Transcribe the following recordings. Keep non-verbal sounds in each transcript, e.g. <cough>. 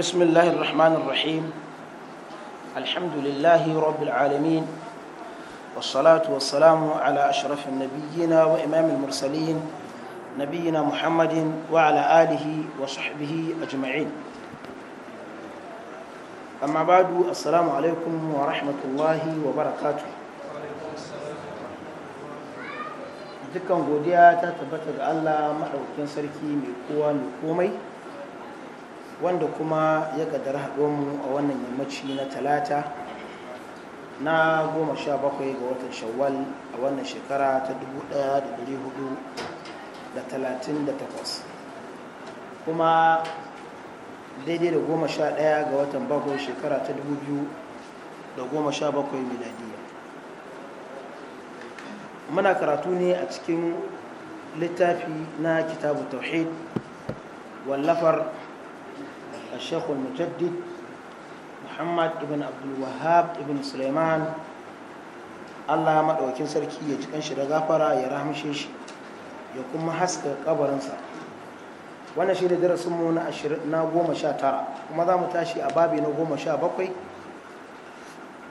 بسم الله الرحمن الرحيم الحمد لله رب العالمين والصلاة والسلام على أشرف النبيين وإمام المرسلين نبينا محمد وعلى آله وصحبه أجمعين أما بعد السلام عليكم ورحمة الله وبركاته dukkan godiya ta الله ga Allah maɗaukin sarki mai wanda kuma ya kadar mu a wannan yammaci na talata na goma sha bakwai ga watan shawwal a wannan shekara ta 1438 kuma daidai da goma sha ɗaya ga watan bakwai shekara ta 2017 miladiya muna karatu ne a cikin littafi na kitabu tauhid wallafar الشيخ المجدد محمد ابن عبد الوهاب ابن سليمان Allah maɗaukin sarki ya cikin shi da gafara ya rahmishe shi ya kuma haska kabarinsa wannan shi darasin mu na goma sha kuma za mu tashi a babi na goma bakwai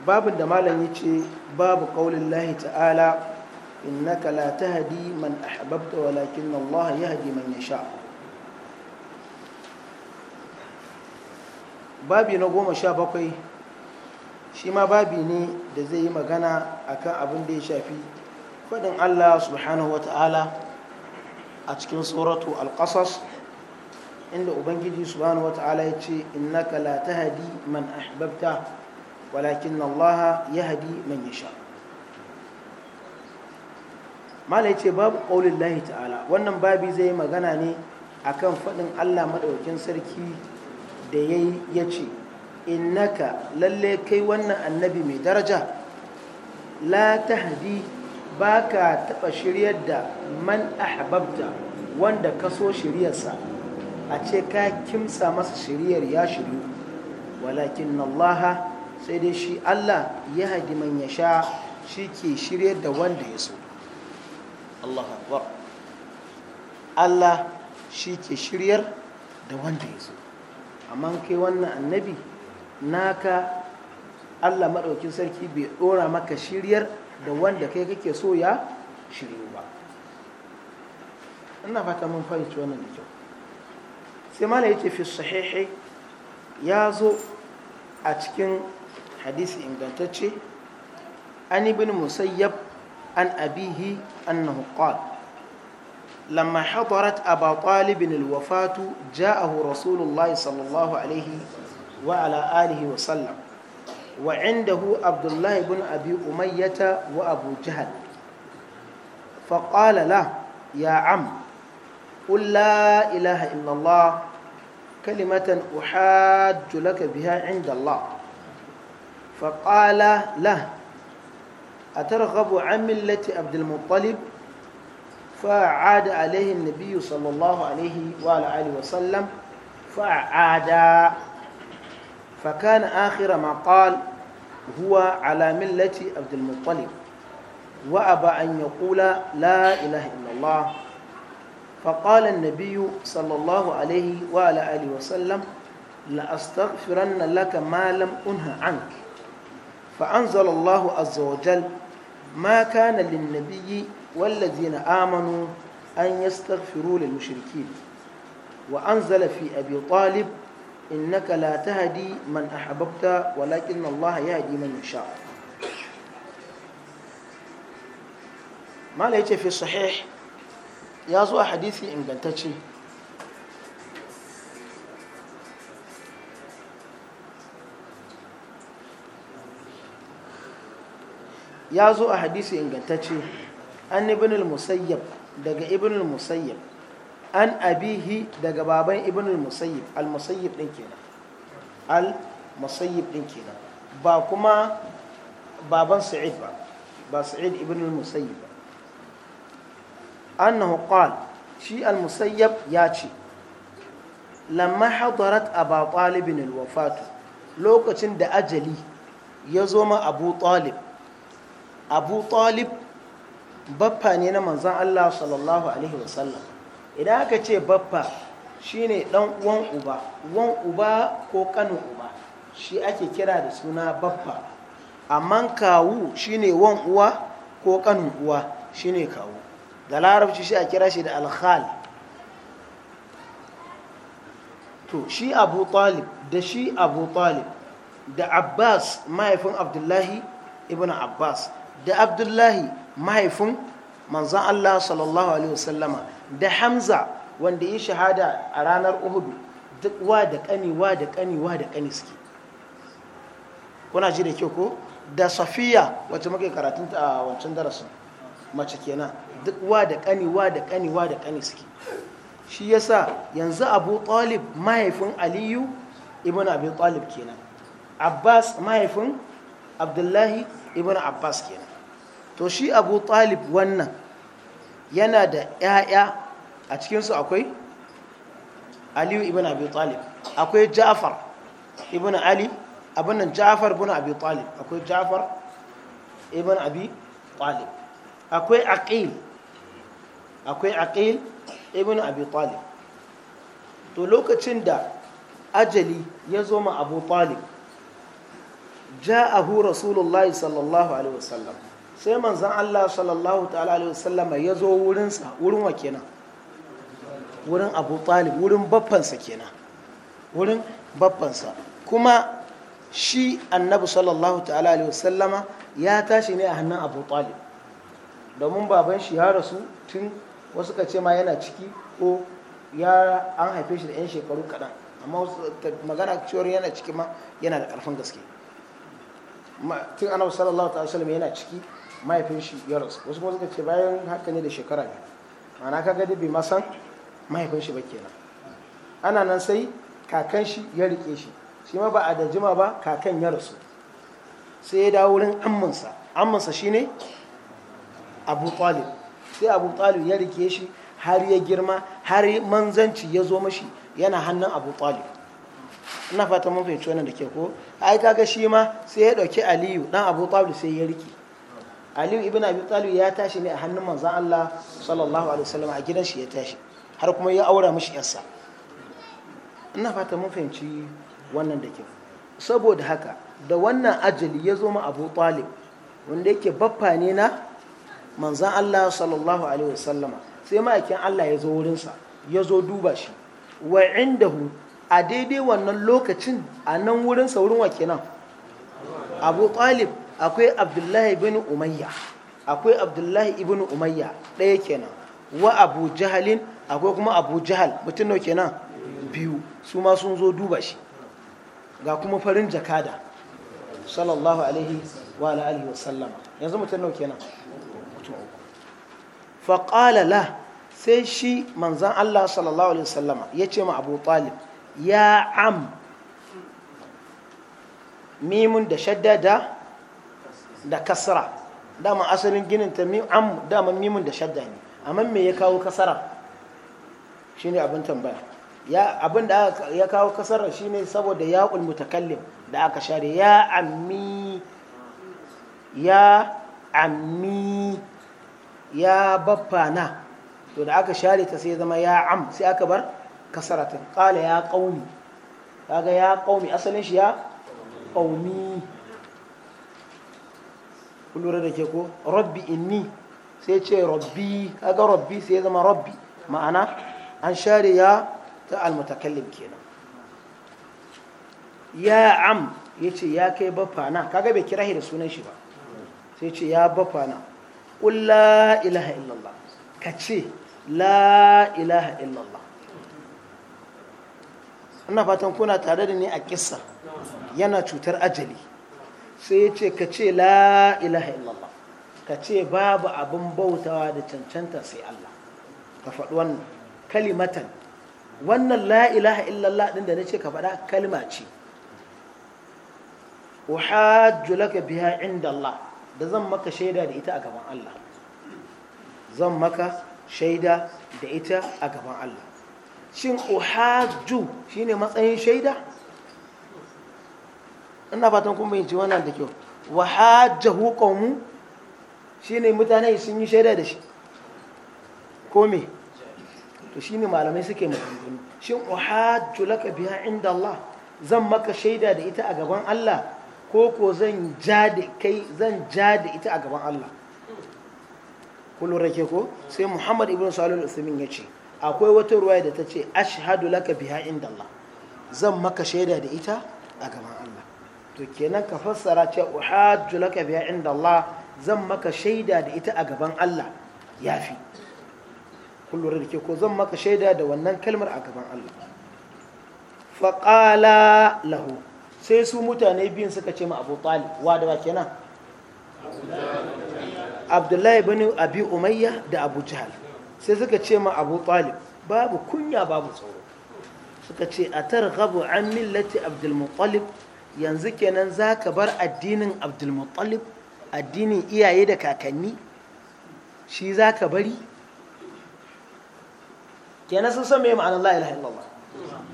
babin da malam ya ce babu kaulin lahi ta'ala innaka la tahdi man ahbabta walakin Allah ya hadi man yasha' babi na goma sha bakwai shi ma babi ne da zai yi magana akan abin da ya shafi faɗin allah subhanahu wata'ala a cikin suratu alƙasas inda ubangiji subhanahu wata'ala ya ce innaka la hadi man ahbabta walakin na allaha hadi man ya sha. mala ce babu ƙaunin ta'ala wannan babi zai yi magana ne akan faɗin allah maɗaukin sarki da ya yi ya ce innaka lalle kai wannan annabi mai daraja la tahdi ba ka taɓa shiryar da man ahbabta wanda ka so shiryarsa a ce ka kimsa masa shiryar ya shiryu walakin Allah sai dai shi Allah ya hadi man ya sha shi ke shiryar da wanda ya so Allah Allah shi ke shiryar da wanda ya so amma kai wannan annabi naka Allah maɗaukin sarki bai ɗora maka shiryar da wanda kai kake so ya shiryu ba ina fata mun fahimci wannan da kyau sai mala yace fi sahihai ya zo a cikin hadisi ingantacce an ibn musayyab an abihi annahu qala لما حضرت أبا طالب الوفاة جاءه رسول الله صلى الله عليه وعلى آله وسلم وعنده عبد الله بن أبي أمية وأبو جهل فقال له يا عم قل لا إله إلا الله كلمة أحاج لك بها عند الله فقال له أترغب عن ملة عبد المطلب فعاد عليه النبي صلى الله عليه وعلى آله وسلم فعاد فكان آخر ما قال هو على ملة عبد المطلب وأبى أن يقول لا إله إلا الله فقال النبي صلى الله عليه وعلى آله وسلم لأستغفرن لك ما لم أنه عنك فأنزل الله عز وجل ما كان للنبي والذين آمنوا أن يستغفروا للمشركين وأنزل في أبي طالب إنك لا تهدي من أحببت ولكن الله يهدي من يشاء ما ليت في الصحيح يا زو حديثي إن قلت ya zo a hadisi ingantacce an ibn al-musayyab daga ibn al-musayyab an abihi daga baban ibn al-musayyib al Musayyab din kenan al Musayyab din kenan ba kuma baban sa'id ba ba sa'id ibn al-musayyib ba annahu qala shi al-musayyab ya ce lamma hadarat aba talibin al-wafatu lokacin da ajali ya zo ma abu talib abu talib baffa ne na manzan Allah sallallahu alaihi wasallam idan aka ce baffa shine ɗan uwan uba uwan uba ko kanin uba shi ake kira da suna baffa amma kawu shine wan uwa ko kanin uwa shine kawu da larabci shi a kira shi da alkhal to shi abu talib da shi abu talib da abbas mahaifin abdullahi ibn abbas da abdullahi mahaifin manzan Allah sallallahu alaihi wasallama da Hamza wanda yi shahada a ranar Uhudu duk wa da kani wa da kani wa da kani suke kuna ji da kyau ko da Safiya wacce muke karatun ta a wancan darasin mace kenan duk wa da kani wa da kani wa da kani suke shi yasa yanzu Abu Talib mahaifin Aliyu ibn Abi Talib kenan Abbas mahaifin Abdullahi ibn Abbas kenan to shi abu talib wannan yana da 'ya'ya a cikinsu akwai aliyu ibn abu talib akwai ja'far ibn ali abinnan ja'far ibn abu talib akwai ja'far ibn abu talib akwai aqil akwai aqil ibn abu talib to lokacin da ajali ya zo ma abu talib ja'ahu rasulullahi sallallahu alaihi wasallam sai manzan Allah sallallahu ta'ala alaihi wasallama ya zo wurinsa wurin wa kenan wurin abu talib wurin baffansa kenan wurin baffansa kuma shi annabi sallallahu ta'ala alaihi wasallama ya tashi ne a hannun abu talib domin baban shi ya rasu tun wasu ka ce ma yana ciki ko ya an haife shi da 'yan shekaru kaɗan amma magana cewar yana ciki ma yana da ƙarfin gaske tun annabi sallallahu ta'ala alaihi wasallama yana ciki mahaifin shi ya rasu wasu kuma suka ce bayan haka ne da shekara biyu mana ka gadi bai masan mahaifin shi ba kenan ana nan sai kakan shi ya rike shi shi ma ba a da jima ba kakan ya rasu sai ya dawo wurin amminsa amminsa ne abu talib sai abu talib ya rike shi har ya girma har manzanci ya zo mashi yana hannun abu talib ina fata mun fahimci wannan da ke ko ai kaga shi ma sai ya dauki aliyu dan abu talib sai ya rike aliyu ibn abi talib ya tashi ne a hannun manzan Allah sallallahu alaihi wasallam a gidan shi ya tashi har kuma ya aura mashi yarsa ina fata mun fahimci wannan da ke saboda haka da wannan ajali ya zo ma abu talib wanda yake baffa ne na manzan Allah sallallahu alaihi wasallama sai ma'aikin Allah ya zo wurinsa ya zo duba shi wa hu a daidai wannan lokacin a nan wurinsa wurin wa kenan abu talib akwai abdullahi ibn umayya akwai abdullahi ibn umayya ɗaya kenan wa abu jahalin akwai kuma abu jahal mutum nau kenan biyu su ma sun zo duba shi ga kuma farin jakada sallallahu alaihi wa alaihi wa sallama yanzu mutum nau kenan mutum uku faƙala la sai shi manzan Allah sallallahu alaihi wa sallama ya ce ma abu talib ya am mimun da shaddada da da kasra dama asalin ginin ta am dama mimun da shadda ne amma me ya kawo kasara shine abin tambaya ya abin da ya kawo kasara shine saboda ya mutakallim da aka share ya ammi ya ammi ya baffana to da aka share ta sai zama ya am sai aka bar kasaratin kala ya qaumi kaga ya qaumi asalin shi ya qaumi kun lura da ke ko rabbi inni sai ce rabbi kaga rabbi sai ya zama rabbi ma'ana an share ya ta almutakallim kenan ya am ya ce ya kai bafana kaga bai kira da sunan shi ba sai ce ya bafana qul la ilaha illallah ka ce la ilaha illallah ina fatan kuna tare da ni a kissa yana cutar ajali sai ya ce ka ce la illallah ka ce babu abin bautawa da cancanta sai Allah ka faɗi wannan kalimatan wannan la illallah ɗin da na ce ka faɗa kalima ce uhajju laka biha inda Allah da zan maka shaida da ita a gaban Allah zan maka shaida da ita a gaban Allah shin uhajju shine matsayin shaida ina fatan kun bayyanci wannan da kyau wa hajjahu shi ne mutane sun yi shaida da shi ko me to ne malamai suke shi shin uhajju laka biya inda Allah zan maka shaida da ita a gaban Allah ko ko zan ja da kai zan ja da ita a gaban Allah kullum rake ko sai Muhammad ibn salul usmin ya ce akwai wata ruwaya da ta ce ashhadu laka biha inda Allah zan maka shaida da ita a gaban Allah to kenan ka fassara ce uhajju laka biya inda Allah zan maka shaida da ita a gaban Allah yafi kun lura da ke ko zan maka shaida da wannan kalmar a gaban Allah faƙala lahu sai su mutane biyun suka ce ma abu talib wa da kenan abdullahi bin abi umayya da abu jahal sai suka ce ma abu talib babu kunya babu tsoro suka ce a targhabu an millati abdul muttalib yanzu kenan za ka bar addinin abdulmuttalib addinin iyaye da kakanni shi za ka bari kenan sun san me Allah la ilaha illallah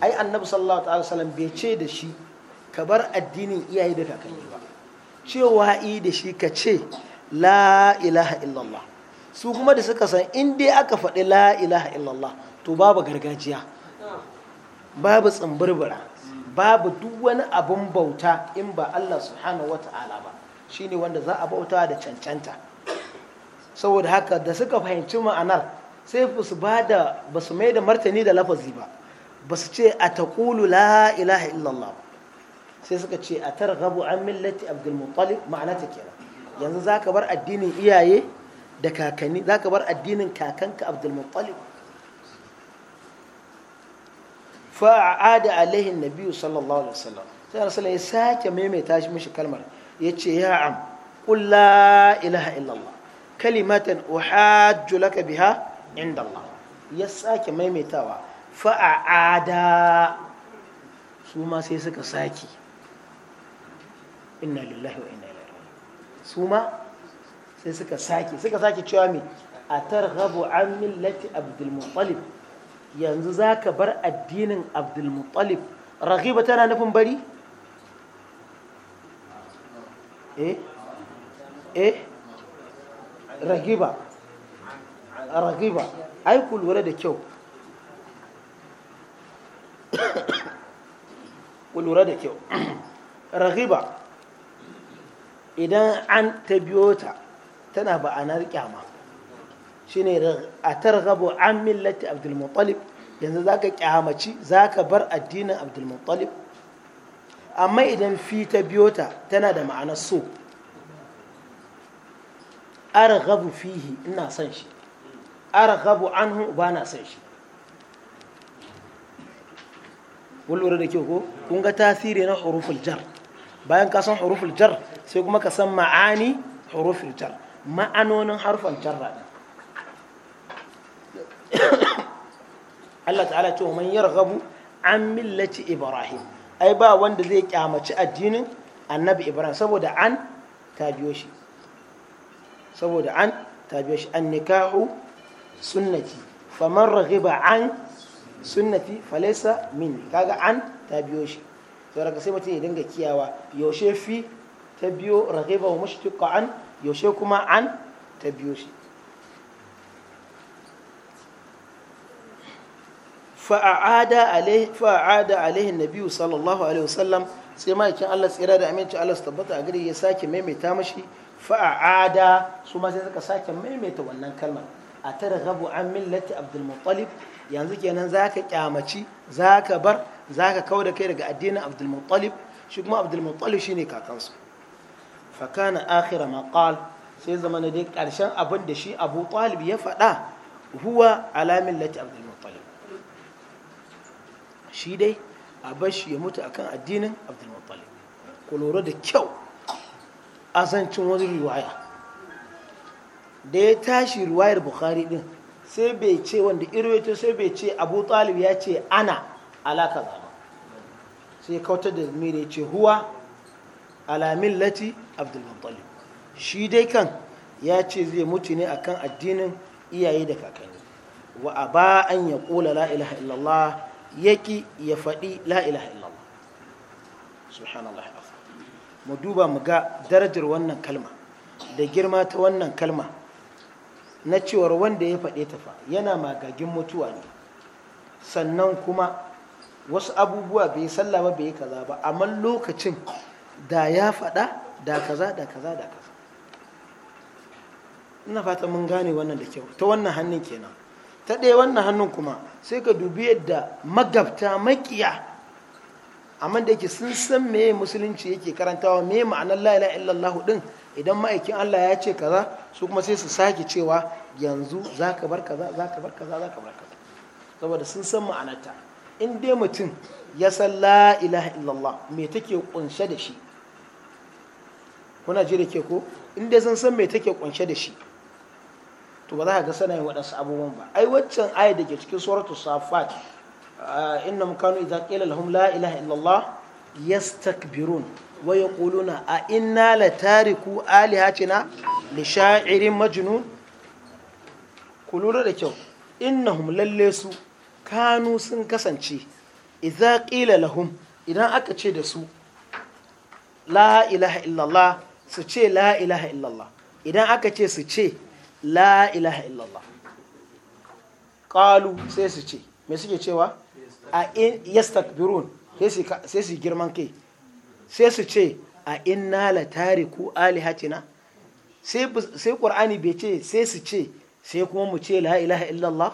ai annabi sallallahu alaihi wasallam bai ce da shi ka bar addinin iyaye da kakanni ba cewa i da shi ka ce la ilaha illallah su kuma da suka san in dai aka faɗi la ilaha illallah to babu gargajiya babu tsambirbira babu duk wani abun bauta in ba Allah subhanahu ta'ala ba shine wanda za a bauta da cancanta saboda haka da suka fahimci ma'anar sai ba su ba da ba su mai da martani da lafazi ba ba su ce a taqulu la ilaha illallah sai suka ce a targhabu an millati abdul muttalib ma'ana ta kenan yanzu zaka bar addinin iyaye da kakanni zaka bar addinin kakanka abdul muttalib fa'ada alaihi nabi sallallahu alaihi wasallam sai rasul ya sake maimaita shi mishi kalmar yace ya am qul la ilaha illallah kalimatan uhajju laka biha inda Allah ya sake maimaitawa fa'ada su ma sai suka sake inna lillahi wa inna ilaihi su ma sai suka sake suka sake cewa me a targhabu an millati abdul muttalib yanzu za ka bar addinin abdulmuttalib ragiba tana nufin bari? eh eh ragiba ragiba ai ku lura da kyau <coughs> ku lura da kyau <coughs> ragiba idan an ta biyo ta tana ba'anar kyama shine a an millati abdul muttalib yanzu zaka kyamaci zaka bar addinin abdul muttalib amma idan fi ta biyo ta tana da ma'anar so arghabu fihi ina san shi arghabu anhu ba na san shi Wani lura da kyau ko kun ga tasiri na huruful jar bayan ka san huruful jar sai kuma ka san ma'ani huruful jar ma'anonin harfan jarra Allah ta'ala ce man rabu an millati Ibrahim ai ba wanda zai kyamaci addinin annabi Ibrahim saboda an ta biyo shi saboda an ta biyo shi an nikahu sunnati faman raghiba an sunnati falaisa minni kaga an ta biyo shi to daga sai mutum ya dinga kiyawa yaushe fi ta biyo raghiba wa mashtiqa an yaushe kuma an ta biyo shi fa'ada alaihi nabiyu sallallahu alaihi wasallam sai ma'aikin Allah tsira da aminci Allah su tabbata a gari ya sake maimaita mashi fa'ada su ma sai suka sake maimaita wannan kalmar a ta tara gabu an millati abdulmuttalib yanzu kenan za ka kyamaci za ka bar za ka kawo da kai daga addinin abdulmuttalib shi kuma abdulmuttalib shi ne kakansu fakana akhira maqal sai zama na dai karshen abin da shi abu talib ya faɗa huwa ala millati Abdul. shi dai a bashi ya mutu akan addinin abdulmuttalib ku lura da kyau asancin wani riwaya da ya tashi riwayar bukhari din sai bai ce wanda irwaito sai bai ce abu talib ya ce ana alaka zama sai kautar da mire ya ce huwa alamin lati abdulmuttalib shi dai kan ya ce zai mutu ne akan addinin iyaye da kakanni wa a ba an ya kula la'ilaha ilaha illallah yake ya faɗi la illallah subhanallah mu duba mu ga darajar wannan kalma da girma ta wannan kalma na cewar wanda ya faɗe ta fa yana magagin mutuwa ne sannan kuma wasu abubuwa bai sallaba ba bai kaza ba amma lokacin da ya faɗa da kaza da kaza da kaza ina fata mun gane wannan da kyau ta wannan hannun kenan ta ɗaya wannan hannun kuma sai ka dubi yadda magabta makiya amma da yake sun san me musulunci yake karantawa me ma'anar la illallahu illallah din idan ma'aikin Allah ya ce kaza su kuma sai su sake cewa yanzu za ka bar kaza ka bar kaza ka bar kaza saboda sun san ma'anarta in dai mutum ya san la ilaha illallah me take kunshe da shi kuna ji da ke ko in dai sun san me take kunshe da shi to ba za ka ga sanayin waɗansu abubuwan ba ai waccan aya da ke cikin suratu safat ah, inna kanu idza qila lahum la ilaha illallah yastakbirun wa yaquluna a inna la tariku alihatina li sha'irin majnun kulura da kyau innahum lalle su kanu sun kasance idza qila lahum idan aka ce da su la ilaha illallah su ce la ilaha illallah idan aka ce su ce la ilaha illallah ƙalu sai su ce mai suke cewa a in yastakbirun sai su girman kai sai su ce a inna la tariku alihatina sai kur'ani bai ce sai su ce sai kuma mu ce la ilaha illallah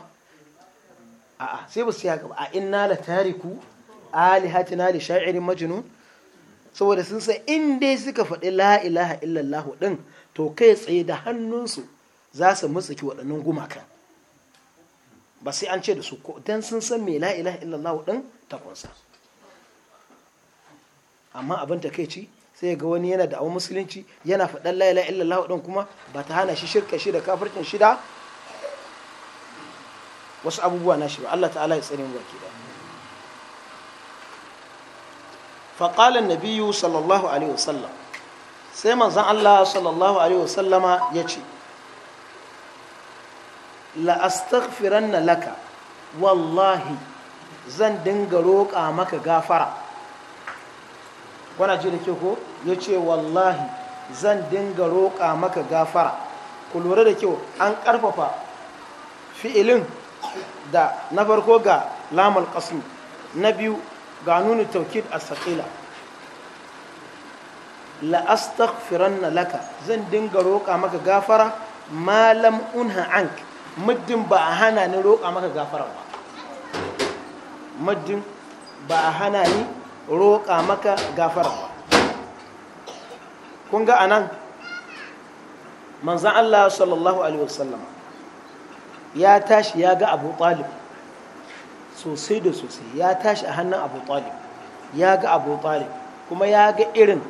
a'a sai ba su haka ba a inna la tariku alihatina li sha'irin majnun saboda sun san in dai suka faɗi la ilaha illallah din to kai tsaye da hannunsu za su mutsuki waɗannan gumakan ba sai an ce da su ko dan sun san me laila ilaha illallah din takunsa amma abin ta takeici sai ga wani yana da awon musulunci yana faɗan laila ilaha illallah din kuma ba ta hana shi shirka shi da kafircin shi wasu abubuwa na shi ba Allah ta'ala ya tsare mu baki da فقال النبي صلى الله عليه وسلم سيما الله صلى الله عليه ya ce. la'astaghfiranna laka wallahi zan dinga roƙa maka gafara wana da ke ko ya ce wallahi zan dinga roƙa maka gafara ku lura da kyau an ƙarfafa fi'ilin da na farko ga lamal ƙasmi na biyu ga nuni taukid a saƙila la'astaghfiranna laka zan dinga roƙa maka gafara malam unha anka muddin ba a hana ni roƙa maka gafara ba muddin ba a hana ni roƙa maka gafara ba kun ga anan manzan Allah sallallahu alaihi wasallama ya tashi ya ga Abu Talib sosai da sosai ya tashi a hannun Abu Talib ya ga Abu Talib kuma ya ga irin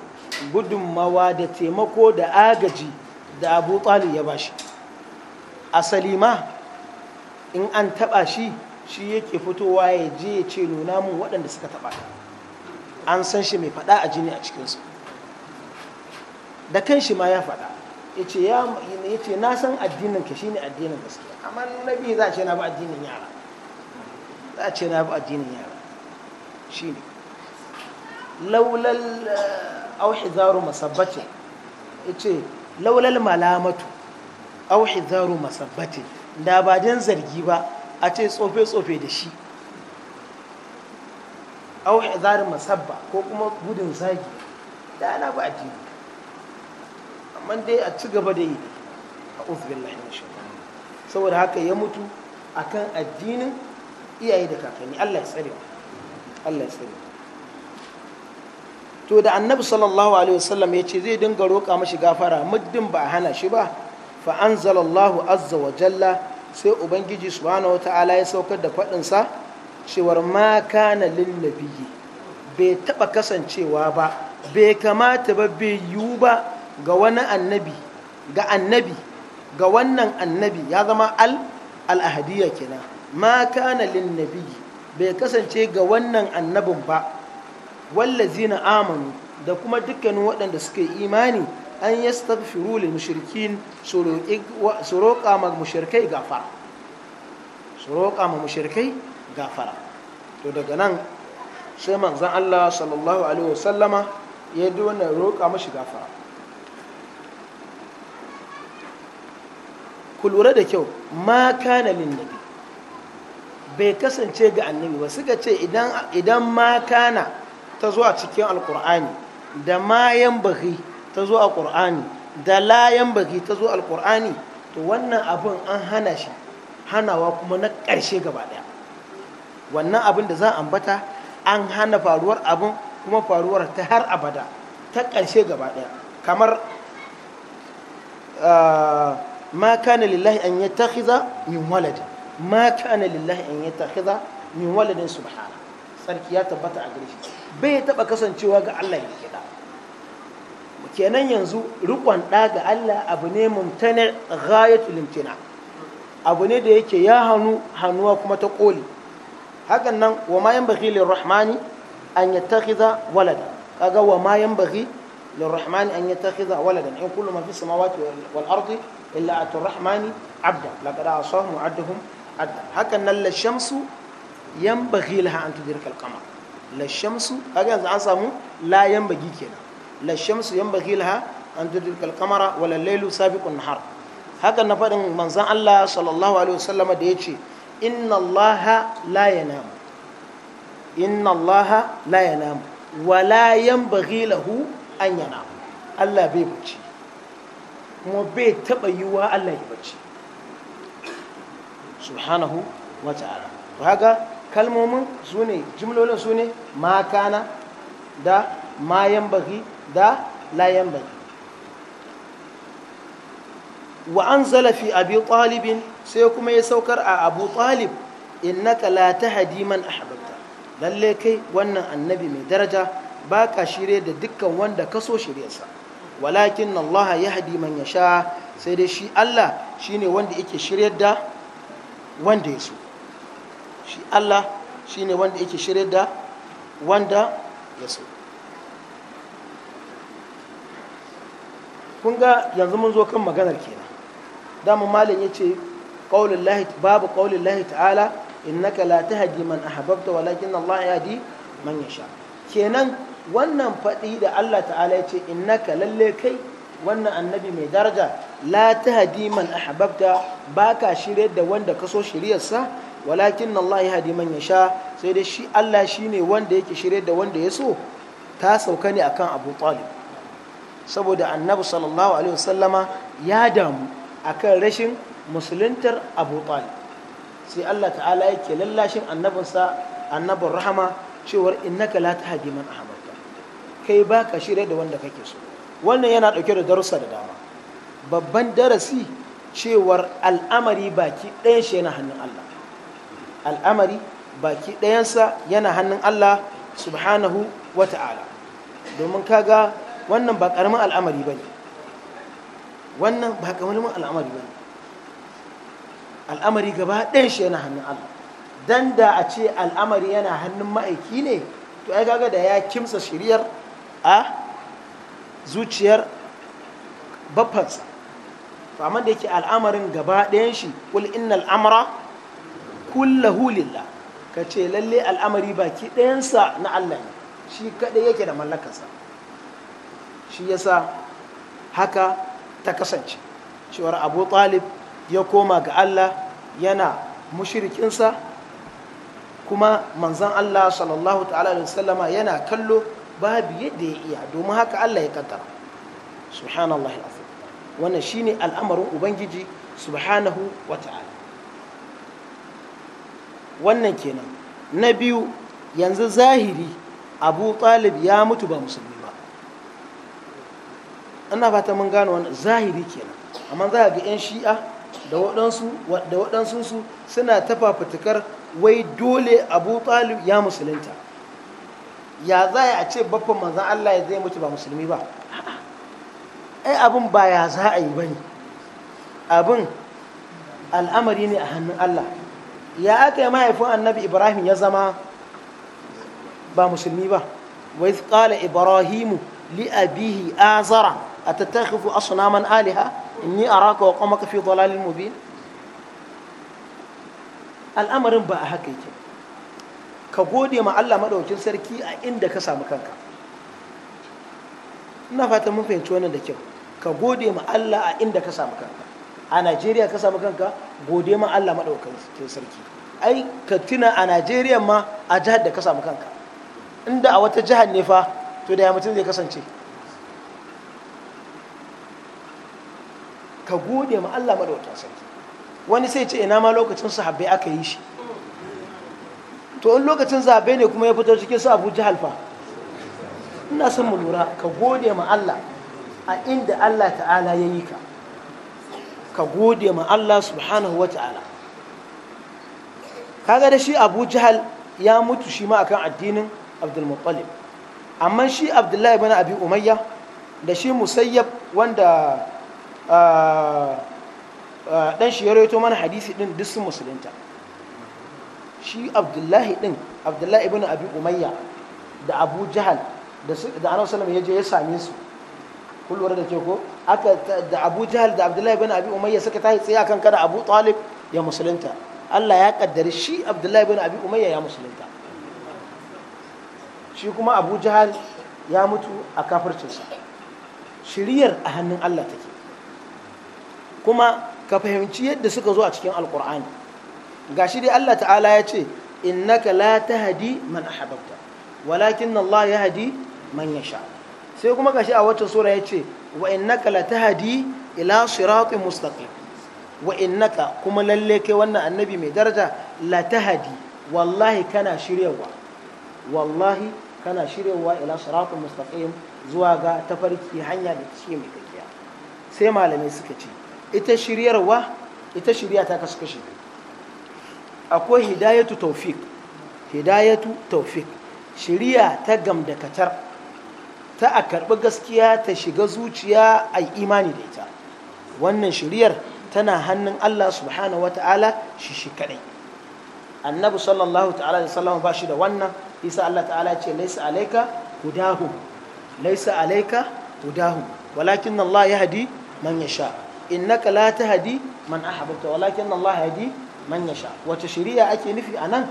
gudunmawa da taimako da agaji da Abu Talib ya bashi shi asali ma in an taɓa shi shi yake fitowa ya je ya ce nuna mun waɗanda suka taɓa an san shi mai faɗa a jini a cikinsu da kan shi ma ya faɗa ya ce na san addinin ka shine addinin gaskiya amma nabi za a ce na bi addinin yara za a ce na bi addinin yara shine laulal eh, auhizaru masabbatin ya ce laulal malamatu au hizaru masabbatin da ba dan zargi ba a ce tsofe tsofe da shi au hizaru masabba ko kuma gudun zagi da ana ba a addini amma dai a ci gaba da yi a uzbillahi lahin shaitan saboda haka ya mutu akan addinin iyaye da kakanni Allah ya tsare Allah ya tsare to da annabi sallallahu alaihi wasallam ya ce zai dinga roƙa mashi gafara muddin ba a hana shi ba fa anzalallahu azza wa jalla sai ubangiji subhanahu ta'ala ya saukar da faɗinsa cewar ma kana linnabiyyi bai taɓa kasancewa ba bai kamata ba bai yiwu ba ga wani annabi ga annabi ga wannan annabi ya zama al al'ahadiyya kenan ma kana linnabiyyi bai kasance ga wannan annabin ba wallazina amanu da kuma dukkanin waɗanda suka yi imani an yastaghfiru lil mushrikin su roƙa ma mushrikai gafara su roƙa ma mushrikai gafara to daga nan sai manzon Allah sallallahu alaihi wasallama ya yi wannan roƙa mashi gafara ku lura da kyau ma kana lin nabi bai kasance ga annabi ba suka ce idan ma kana ta zuwa cikin alƙur'ani da mayan bahi ta zo a ƙur'ani da layan baki ta zo alƙur'ani to wannan abin an hana shi hanawa kuma na ƙarshe gaba ɗaya wannan abin da za a ambata an hana faruwar abin kuma faruwar ta har abada ta ƙarshe gaba ɗaya kamar ah, ma kana lillahi an khiza min waladin ma kana lillahi an khiza min waladin subhana sarki ya tabbata a gare shi bai taɓa kasancewa ga Allah ya kenan yanzu rikon ɗa ga Allah abu ne mumtani ghayatul imtina abu ne da yake ya hannu hannuwa kuma ta koli hakan nan wa ma yanbaghi lirrahmani an yattakhidha walada kaga wa ma yanbaghi rahmani an yattakhidha walada in kullu ma fi samawati wal ardi illa atu rahmani abda laqad asahu adahum adda hakan nan la shamsu yanbaghi laha an tudrika al qamar la shamsu kaga yanzu an samu la yanbaghi kenan la shamsu yanbaghi laha an tudrika al-qamara wa la laylu sabiqun nahar hakan na faɗin manzon Allah sallallahu alaihi wasallam da ya ce inna Allah la yanam inna Allah la yanam wa la yanbaghi an yanam Allah bai bacci kuma bai taɓa yiwa Allah ya bacci subhanahu wa ta'ala to haka kalmomin su ne jimlolin su ne makana da mayan baki da layan bai wa an zalafi abi talibin sai kuma ya saukar a abu talib innaka la tahdi man ahbabta lalle kai wannan annabi mai daraja ba ka shirye da dukkan wanda ka so shiryarsa walakin Allah ya hadi man ya sha sai dai shi Allah shine wanda yake shiryar da wanda ya so shi Allah shine wanda yake shiryar da wanda ya so kun ga yanzu mun zo kan maganar kenan dama malam ya ce babu ƙaunin lahi ta'ala innaka la tahdi man ahbabta walakin Allah di man yasha kenan wannan faɗi da Allah ta'ala ya ce innaka lalle kai wannan annabi mai daraja la tahdi man ahbabta baka shirye da wanda kaso shiryarsa walakin Allah di man yasha sai dai shi Allah shine wanda yake shirye da wanda ya so ta sauka ne akan Abu Talib saboda annabi sallallahu alaihi wasallama ya damu akan rashin musuluntar abu talib sai allah ta'ala yake lallashin annabinsa annabin rahama cewar innaka la tahdi man ahbabta kai ba ka shirya da wanda kake so wannan yana dauke da darussa da dama babban darasi cewar al'amari baki ɗayan shi yana hannun allah al'amari baki ɗayansa yana hannun allah subhanahu wa ta'ala domin kaga wannan ba karamin al'amari ba ne wannan ba karamin al'amari ba ne al'amari gaba ɗayan shi yana hannun Allah don da a ce al'amari yana hannun ma'aiki ne to ai kaga da ya kimsa shiriyar a zuciyar baffansa to amma da yake al'amarin gaba ɗayan shi kul innal al'amara kullahu lillah ka ce lalle al'amari baki ɗayansa na Allah ne shi kaɗai yake da mallakarsa shi yasa haka ta kasance cewar abu talib ya koma ga allah yana mushirikinsa kuma manzan allah sallallahu ta'ala wasallama yana kallo babu yadda ya iya domin haka allah ya kaddara subhanallah al'azim wannan shine al'amarin ubangiji subhanahu wa ta'ala wannan kenan na biyu yanzu zahiri abu talib ya mutu ba musulmi ina fata mun gane wannan zahiri kenan amma za ga 'yan shi'a da waɗansu su suna ta wai dole abu talib ya musulunta ya za a ce babban manzan allah ya zai mutu ba musulmi ba ai abin ba ya za a yi ba ne abin al'amari ne a hannun allah ya aka yi mahaifin annabi ibrahim ya zama ba musulmi ba wai ƙala ibrahimu li abihi azara أتتخذ أصناما آلهة إني أراك وقومك في ضلال مبين الأمر با هكيك كغودي مع الله مدوكين سركي عند كسا مكانك ina fata mun fahimci wannan da kyau ka gode ma Allah a inda ka samu kanka a Najeriya ka samu kanka gode ma Allah madaukakin sarki ai ka tuna a Najeriya ma a jihar da ka samu kanka inda a wata jihar ne fa to da ya mutum zai kasance ka gode ma Allah madaukakin sarki wani sai ce ina ma lokacin sahabbai aka yi shi to in lokacin zabe ne kuma ya fito cikin su Abu Jahal fa ina son mu lura ka gode ma Allah a inda Allah ta'ala ya yi ka ka gode ma Allah subhanahu wa ta'ala kaga da shi Abu ya mutu shi ma akan addinin Abdul Muttalib amma shi Abdullahi ibn Abi Umayya da shi Musayyab wanda dan shi ya rawaito mana hadisi din duk sun musulunta shi abdullahi din abdullahi ibn abi umayya da abu jahal da annabi sallallahu ya je ya same su kun da ke ko aka da abu jahal da abdullahi ibn abi umayya suka tahi tsaye akan kada abu talib ya musulunta Allah ya kaddari shi abdullahi ibn abi umayya ya musulunta shi kuma abu jahal ya mutu a kafircinsa shiriyar a hannun Allah take kuma ka fahimci yadda suka zo a cikin alkur'ani gashi dai Allah ta'ala ya ce innaka la tahdi man ahbabta walakin Allah yahdi man yasha sai kuma gashi a wata sura ya ce wa innaka la tahdi ila siratin mustaqim wa innaka kuma lalle kai wannan annabi mai daraja la tahdi wallahi kana shiryawa wallahi kana shiryawa ila siratin mustaqim zuwa ga tafarki hanya da take mai kakkiya sai malamai suka ce ita shiryarwa ita shirya ta kasu kashe akwai hidayatu taufik hidayatu taufik shirya ta gamdakatar ta a karɓi gaskiya ta shiga zuciya a imani da ita wannan shiryar tana hannun allah subhanahu wata'ala shi shi kadai annabi sallallahu ta'ala da sallama ba shi da wannan isa allah ta'ala ce laisa alaika hudahum laisa alaika hudahum walakin allah ya hadi man ya sha innaka la tahdi man ahbabta walakin Allah yahdi man yasha wace shiriya ake nufi anan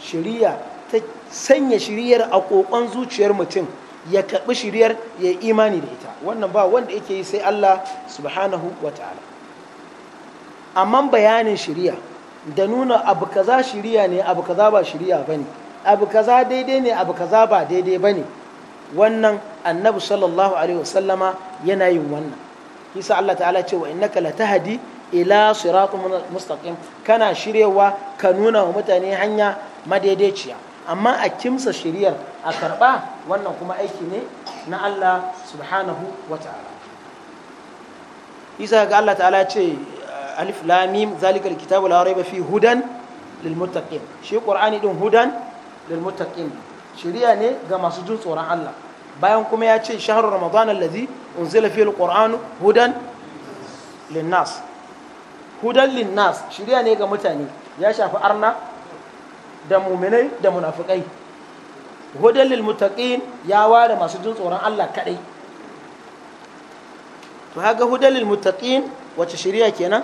shiriya ta sanya shiriyar a kokon zuciyar mutum ya karbi shiriyar ya yi imani da ita wannan ba wanda yake yi sai Allah subhanahu wataala amma bayanin shiriya da nuna abu kaza shiriya ne abu kaza ba shiriya bane abu kaza daidai ne abu kaza ba daidai bane wannan annabi sallallahu alaihi wasallama yana yin wannan yasa Allah ta'ala ce innaka latahdi ila siratul mustaqim kana shirewa ka nuna wa mutane hanya madaidaiciya amma a kimsa shiriyar a karba wannan kuma aiki ne na Allah subhanahu wa ta'ala isa ga Allah ta'ala ce alif lam mim zalikal kitabu la fi hudan lil muttaqin shi qur'ani din hudan lil muttaqin shiriya ne ga masu jin tsoron Allah bayan kuma ya ce shahar ramadan allazi unzila fihi alqur'anu hudan linnas hudan linnas shirya ne ga mutane ya shafi arna da muminai da munafikai hudan lil muttaqin ya ware masu jin tsoron Allah kadai to haka hudan lil muttaqin wace shirya kenan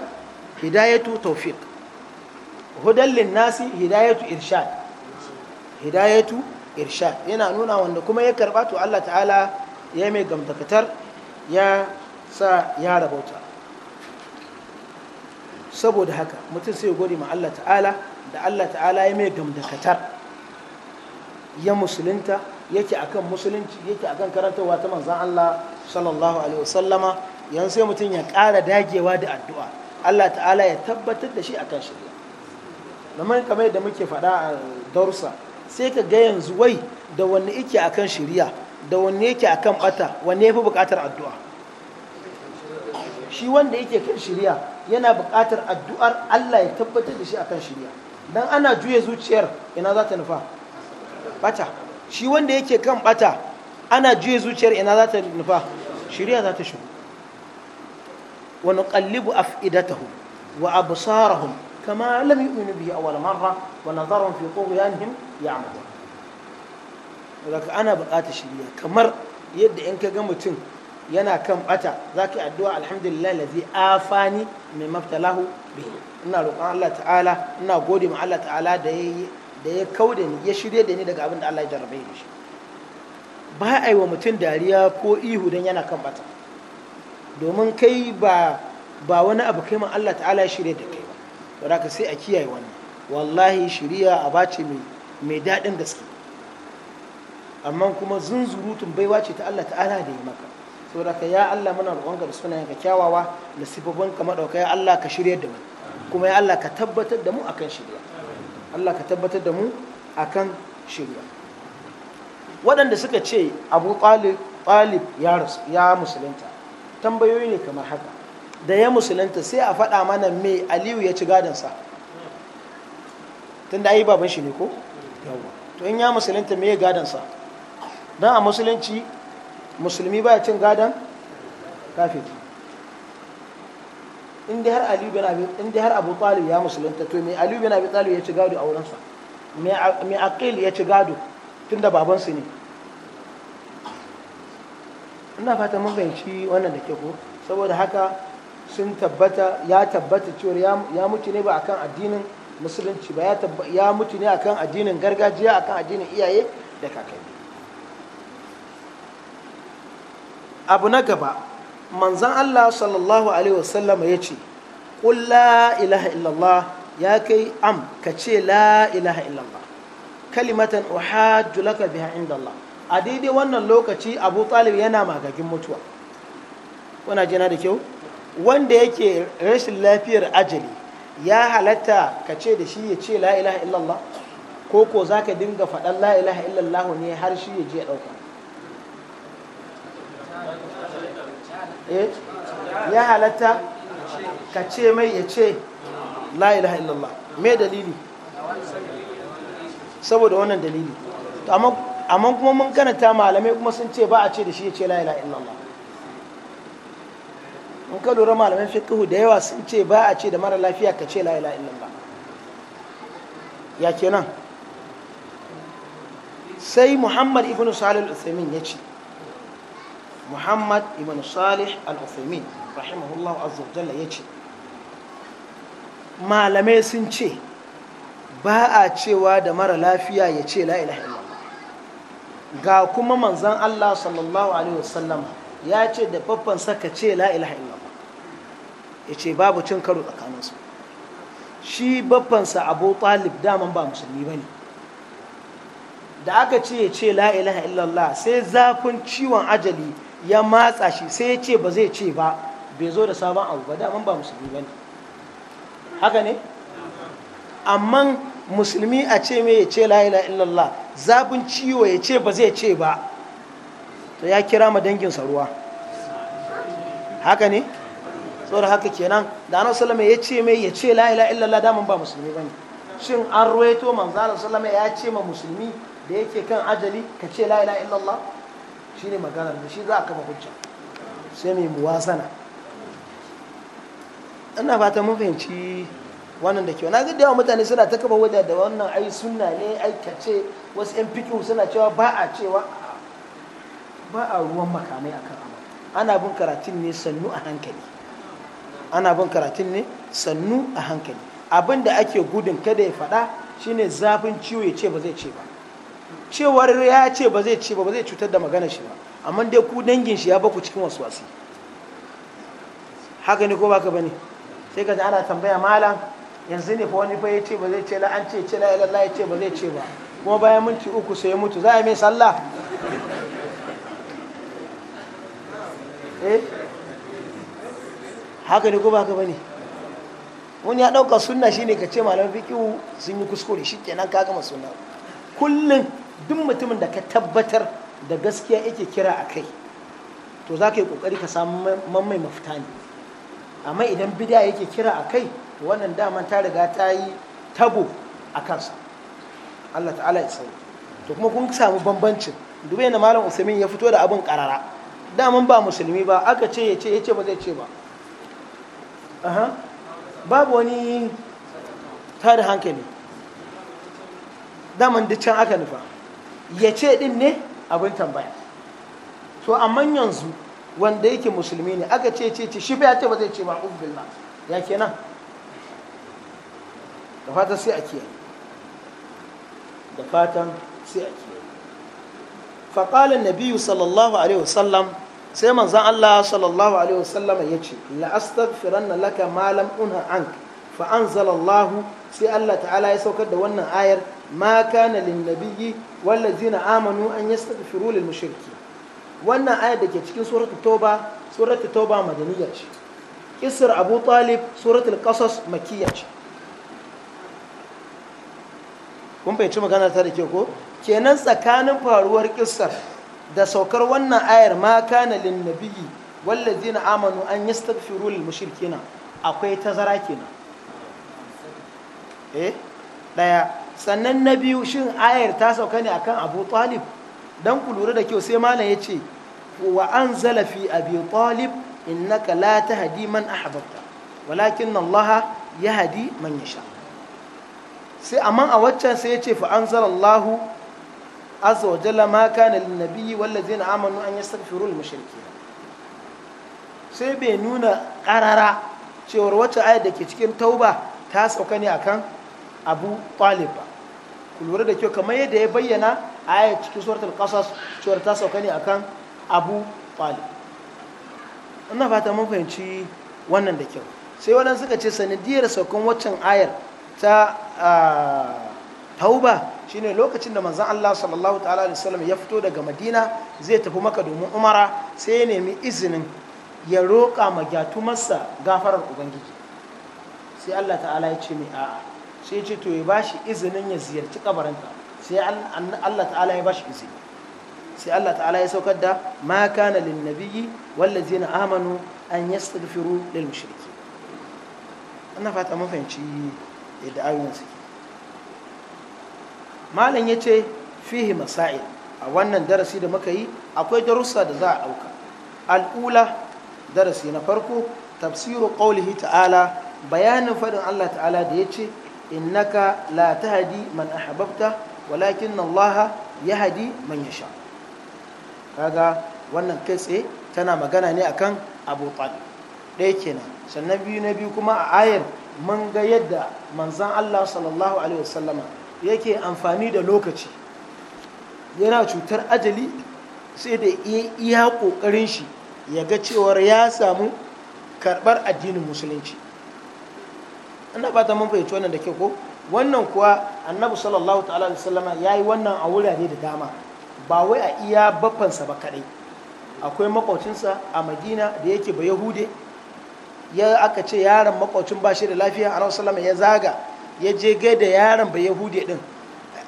hidayatu tawfiq hudan linnasi hidayatu irshad hidayatu irshad yana nuna wanda kuma ya karba to Allah ta'ala ya mai gamtakatar ya sa ya rabauta saboda haka mutum sai gode ma Allah ta'ala da Allah ta'ala ya mai gamtakatar ya musulunta yake akan musulunci yake akan karantarwa ta manzan Allah sallallahu alaihi wasallama yanzu sai mutum ya kara dagewa da addu'a Allah ta'ala ya tabbatar da shi akan shirya domin kamar yadda muke faɗa a darussa sai ka ga yanzu wai da wanne yake akan shari'a da wanne yake akan bata wanne yafi buƙatar addu'a shi wanda yake kan shari'a yana buƙatar addu'ar Allah ya tabbatar da shi akan shari'a dan ana juya zuciyar ina za ta nufa bata shi wanda yake kan bata ana juya zuciyar ina za ta nufa shari'a za ta shigo wa nuqallibu af'idatahum wa absarahum kama lam yu'minu bihi awwal marra wa nadharuhum fi tughyanihim ya'malu daga ana buƙatar shirya kamar yadda in ka ga mutum yana kan bata za ka yi addu'a alhamdulillah lazi afani mai maftalahu bihi ina roƙon Allah ta'ala ina gode ma Allah ta'ala da ya kau da ni ya shirya da ni daga abin da Allah ya jarrabe da shi ba a yi wa mutum dariya ko ihu don yana kan bata domin kai ba ba wani abu kai ma Allah ta'ala ya shirya da kai ba ka sai a kiyaye wannan wallahi shirya a bace mai mai daɗin gaske amma kuma zunzurutun baiwa ce ta Allah ta'ala da ya maka saboda ka ya Allah muna ga da yanka kyawawa da sifofin ka madauka ya Allah ka shirya da mu kuma ya Allah ka tabbatar da mu akan shirya Allah ka tabbatar da mu akan shirya waɗanda suka ce Abu Talib ya musulunta tambayoyi ne kamar haka da ya musulunta sai a faɗa mana me Aliyu ya ci gadon sa tunda ai baban shi ne ko yawa to in ya musulunta me gadon sa don a musulunci musulmi baya cin gadon kafiri in dai har aliyu bin abi in dai har abu talib ya musulunta to me aliyu bin abi talib ya ci gado a wurinsa me aqil ya ci gado tunda babansu ne ina fata mun fahimci wannan da ke ko saboda haka sun tabbata ya tabbata cewa ya mutu ne ba akan addinin musulunci ba ya mutu ne akan addinin gargajiya akan addinin iyaye da kakanni abu na gaba manzan Allah sallallahu alaihi wasallama ya ce la ilaha illallah ya kai am ka ce la ilaha illallah kalimatan uhajju laka biha inda a daidai wannan lokaci abu talib yana magagin mutuwa wana jina da kyau wanda yake rashin lafiyar ajali ya halatta ka ce da shi ya ce la ilaha illallah ko ko za ka dinga faɗan la ilaha illallah ne har shi ya je ɗauka eh, ya halatta ka ce mai ya ce la ilaha illallah me dalili saboda wannan dalili amma kuma mun kanata malamai kuma sun ce ba a ce da shi ya ce la ilaha illallah in ka lura malamin fiqh da yawa sun ce ba a ce da mara lafiya ka ce la ilaha illallah ya kenan sai muhammad ibn salih al-uthaymin ya ce muhammad ibn salih al-uthaymin rahimahullah azza jalla ya ce malamai sun ce ba a cewa da mara lafiya ya ce la ilaha ba. ga kuma manzan Allah sallallahu alaihi wasallama ya ce da babban saka ce la ilaha illallah ya ce babu cin karo tsakaninsu shi babbansa abu talib daman ba musulmi ba ne da aka ce ya ce la ilaha illallah sai zafin ciwon ajali ya matsa shi sai ya ce ba zai ce ba bai zo da sabon abu ba daman ba musulmi ba ne haka ne amma musulmi a ce mai ya ce la ilaha illallah zafin ciwo ya ce ba zai ce ba to ya kira ma danginsa ruwa haka ne saboda haka kenan da ana salama ya ce mai ya ce la'ila illallah daman ba musulmi bane shin an ruwaito manzo Allah salama ya ce ma musulmi da yake kan ajali ka ce la'ila illallah shi shine maganar da shi za a kafa hujja sai mai muwazana ina fata mun fahimci wannan da kyau na ga yawan mutane suna ta kafa wadda da wannan ai sunna ne ai ce wasu yan fiqh suna cewa ba a cewa ba a ruwan makamai akan abu ana bin karatun ne sannu a hankali ana bin karatun ne sannu a hankali abin da ake gudun kada ya faɗa shine zafin ciwo ya ce ba zai ce ba cewar ya ce ba zai ce ba ba zai cutar da magana shi ba amma dai ku dangin shi ya baku cikin wasu wasi haka ne ko baka bane sai ka ana tambaya malam yanzu ne fa wani fa ya ce ba zai ce la an ce ce la ilallah ya ce ba zai ce ba kuma bayan minti uku sai ya mutu za a yi mai sallah eh? haka ne ko ba haka ne wani ya dauka sunna shine ka ce malamin fiqhu sun yi kuskure shi shikenan ka gama sunna kullum duk mutumin da ka tabbatar da gaskiya yake kira a kai to za ka yi kokari ka samu mammai mafita ne amma idan bid'a yake kira a kai to wannan daman ta riga ta yi tabo a kansa Allah ta'ala ya sauri to kuma kun samu bambancin dubai na malam usaimin ya fito da abin karara daman ba musulmi ba aka ce ya ce ya ce ba zai ce ba babu wani tada hankali daman can aka nufa ya ce din ne abin tambaya to amma yanzu wanda yake musulmi ne aka ce ce ce shi bai ce ba zai ce ba ubbillah ya nan da fatan sai a kiyaye da fatan sai a kiyaye faƙalin Nabi Sallallahu alaihi wasallam sai manzan Allah sallallahu alaihi wasallam ya ce la'astaghfiranna laka ma lam unha ank fa anzalallahu sai Allah ta'ala ya saukar da wannan ayar ma kana lin nabiyyi wallazina amanu an yastaghfiru lil mushriki wannan ayar da ke cikin suratu tauba suratu tauba madaniya ce kisar abu talib suratul qasas makiyya ce kun fahimci magana ta da ke ko kenan tsakanin faruwar kissar da saukar wannan ayar ma kana lin nabiyyi wallazina amanu an yastaghfiru lil mushrikina akwai tazara kenan eh daya sannan na biyu shin ayar ta sauka ne akan Abu Talib dan ku lura da kyau sai malam yace wa anzala fi abi talib innaka la tahdi man ahbabta walakin Allah yahdi man yasha sai amma a waccan sai yace fa anzalallahu azza wa jalla ma kana lin nabiyyi wallazina amanu an yastaghfiru lil mushrikeen sai bai nuna karara cewar wacce ayat da ke cikin tauba ta sauka ne akan abu talib ku lura da kyau kamar yadda ya bayyana a cikin suratul qasas cewa ta sauka ne akan abu talib ina fata mun fahimci wannan da kyau sai wannan suka ce sanadiyar saukan waccan ayar ta ah, tauba shine lokacin da manzon Allah sallallahu ta'ala wasallam ya fito daga Madina zai tafi maka domin umara sai ya nemi izinin ya roƙa ma gyatumarsa gafarar ubangiji sai Allah ta'ala ya ce mai a'a sai ce to ya bashi izinin ya ziyarci kabarinka sai Allah ta'ala ya bashi izini sai Allah ta'ala ya saukar da ma kana lin nabiyyi wallazina amanu an yastaghfiru lil mushriki ina fata mun fahimci ayoyin suke malam ya ce fihi masail a wannan darasi da muka yi akwai darussa da za a ɗauka al'ula darasi na farko tafsiru qaulihi ta'ala bayanin faɗin Allah ta'ala da ya ce innaka la tahdi man ahbabta walakin Allah hadi man yasha kaga wannan kai tsaye tana magana ne akan Abu Talib ɗaya kenan sannan biyu na biyu kuma a ayar mun ga yadda manzan Allah sallallahu alaihi wasallama yake amfani da lokaci yana cutar ajali sai da iya ƙoƙarin shi ya ga cewar ya samu karɓar addinin musulunci ana ba ta mun fahimci wannan da ke ko wannan kuwa annabi sallallahu ta'ala sallama ya yi wannan a wurare da dama ba wai a iya baffansa ba kaɗai. akwai makwacinsa a madina da yake ba yahude ya aka ce yaron makwacin bashi da lafiya a sallama ya zaga ya je gai da yaron ba yahudi din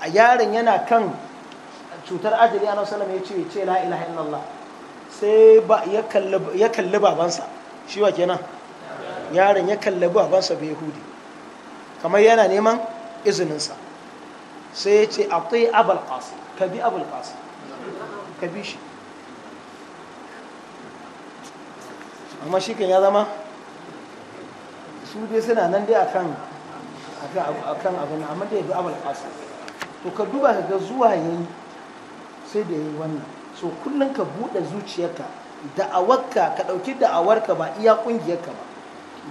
a yaron yana kan cutar ajali a sallam ya ce ce la ilaha illallah sai ya kalli babansa shi wa kenan yaron ya kalli babansa ba yahudi kamar yana neman izininsa sai ya ce akwai abal qasim ka bi abul qasim ka bi shi amma shi kan ya zama su dai suna nan dai a kan. akan abin amma da ya bi abul qasim to ka duba ka ga zuwa ya yi sai da ya yi wannan so kullum ka buɗe zuciyarka da'awarka ka ɗauki da'awarka ba iya ƙungiyarka ba